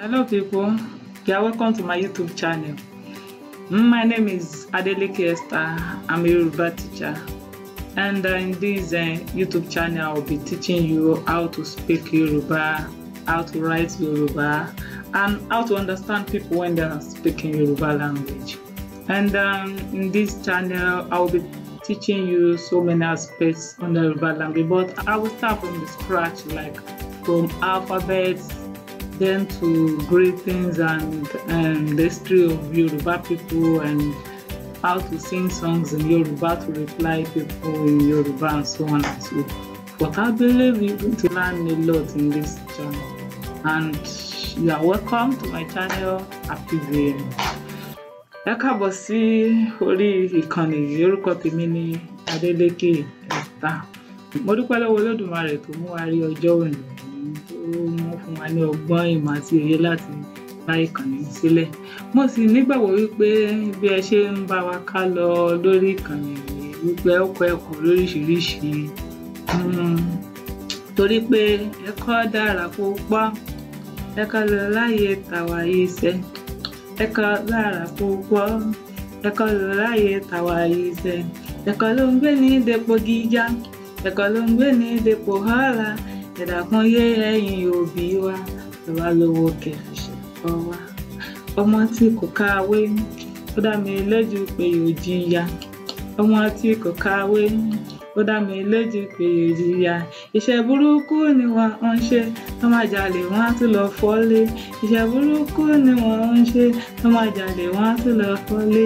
Hello people, you welcome to my YouTube channel. Mm, my name is Adeleke Esther. I'm a Yoruba teacher. And uh, in this uh, YouTube channel, I'll be teaching you how to speak Yoruba, how to write Yoruba, and how to understand people when they are speaking Yoruba language. And um, in this channel, I'll be teaching you so many aspects on the Yoruba language. But I will start from the scratch, like from alphabets, then to greetings and, and the history of Yoruba people and how to sing songs in Yoruba to reply people in Yoruba and so on and so forth. But I believe you're going to learn a lot in this channel. And you are welcome to my channel, Happy VM. ẹ káàbọ̀ sí orí ìkànnì yìí orúkọ tèmi ni Adélékè Esther mo dúpẹ́ lọ́wọ́ Olódùmarè tó mú wa rí ọjọ́ òní tó mú fún wa ní ọgbọ́n ìmọ̀ àti òye láti bá ìkànnì sílẹ̀ mo sì nígbàgbọ́ wípé bí ẹ ṣe ń bá wa ká lọ lórí ìkànnì yìí wípé ó kọ́ ẹ̀kọ́ lóríṣiríṣi hmm, torí pé ẹ̀kọ́ dára kó pọ̀ ẹ̀ka lọ láyé tàwa yìí sẹ́ńt ẹ̀kọ́ lára púpọ̀ ẹ̀kọ́ ló ráyè tàwa yìí ṣe ẹ̀kọ́ ló ń gbé ní depo gíga ẹ̀kọ́ ló ń gbé ní depo họ́ra ẹ̀dàkùn yé ẹ̀yìn òbí wa ẹ̀wá lówó kẹfìṣẹ́ kọ́ wa ọmọ tí kò káwé ó dá mi lójú pé yóò jìyà ọmọ tí kò káwé ó dá mi lójú pé ìjìyà iṣẹ́ burúkú ni wọ́n ń ṣe tó máa jalè wọ́n á tún lọ fọ́lé iṣẹ́ burúkú ni wọ́n ń ṣe tó máa jalè wọ́n á tún lọ fọ́lé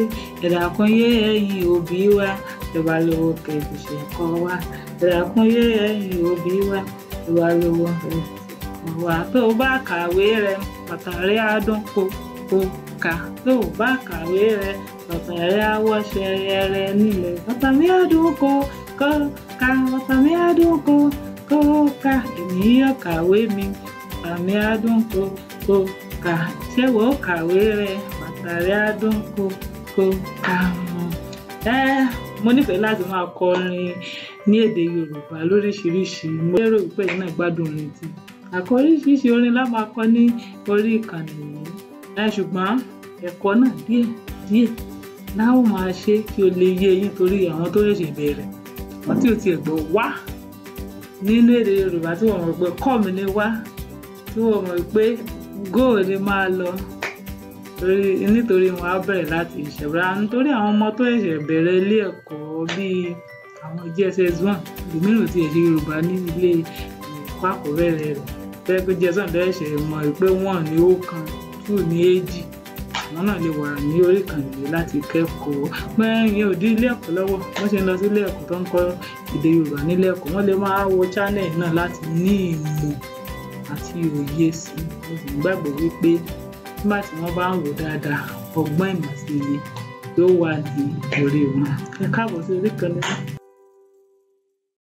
ẹ̀dàkùn yé ẹ̀yìn òbí wa ìjọba lówó kẹ̀kẹ́ kọ́ wa ẹ̀dàkùn yé ẹ̀yìn òbí wa ìjọba lówó kẹ̀kẹ́ wa tó bá kàwé rẹ pàtàkì àádùn kò kò kà tó bá kàwé rẹ ọ̀tàn awọ́ṣẹ́ ẹ̀rẹ́ nílẹ̀ bàtà mi àdúgbò kọ́ka ọkàn mi á dùn kó kọ́ka ènìyàn kàwé mi ọkàn mi á dùn kó ṣé wò ó kàwé rẹ bàtà rẹ á dùn kó mo nífẹ̀ẹ́ láti máa kọrin ní èdè Yorùbá lóríṣiríṣi mo lérò wípé ẹ̀yin náà gbádùn orin tí àkọ́ orin la máa kọ ní orí ìkànnì yìí ẹ ṣùgbọ́n ẹ̀kọ́ náà díẹ̀ díẹ̀ láwọn máa ṣe kí o lè yé eyín torí àwọn tó ṣẹ̀ṣẹ̀ bẹ̀rẹ̀ wọ́n tí ò tiẹ̀ gbọ́ wá nínú èdè Yorùbá tí wọ́n mọ̀ pé kọ́ mi ní wá tí wọ́n mọ̀ pé go ni máa lọ nítorí wọn á bẹ̀rẹ̀ láti ìṣẹ̀bùrà nítorí àwọn ọmọ tó ẹ̀ṣẹ̀ bẹ̀rẹ̀ ilé ẹ̀kọ́ bíi àwọn JSS one ìmíràn ti ẹ̀ṣẹ̀ Yorùbá ní ilé ẹ̀kọ́ àkọ́bẹ̀rẹ̀ rẹ̀ tẹ́lẹ̀ pé JSS one bẹ̀rẹ̀ ṣe mọ̀ pé one ní ó kan two ní èjì àwọn náà lè wà ní orí ìkànnì láti kẹ́kọ̀ọ́ mẹ́rin ò dí ilé ẹ̀kọ́ lọ́wọ́ wọ́n ṣe ń lọ sí ilé ẹ̀kọ́ tó ń kọ́ èdè Yorùbá nílé ẹ̀kọ́ wọ́n lè máa wo channel náà láti ní ìmọ̀ àti òye sí i wípé nígbà tí wọ́n bá ń wò dáadáa ọgbọ́n ìmọ̀ sí iye yóò wà ní orí wọn ẹ káàbọ̀ sí orí kan náà.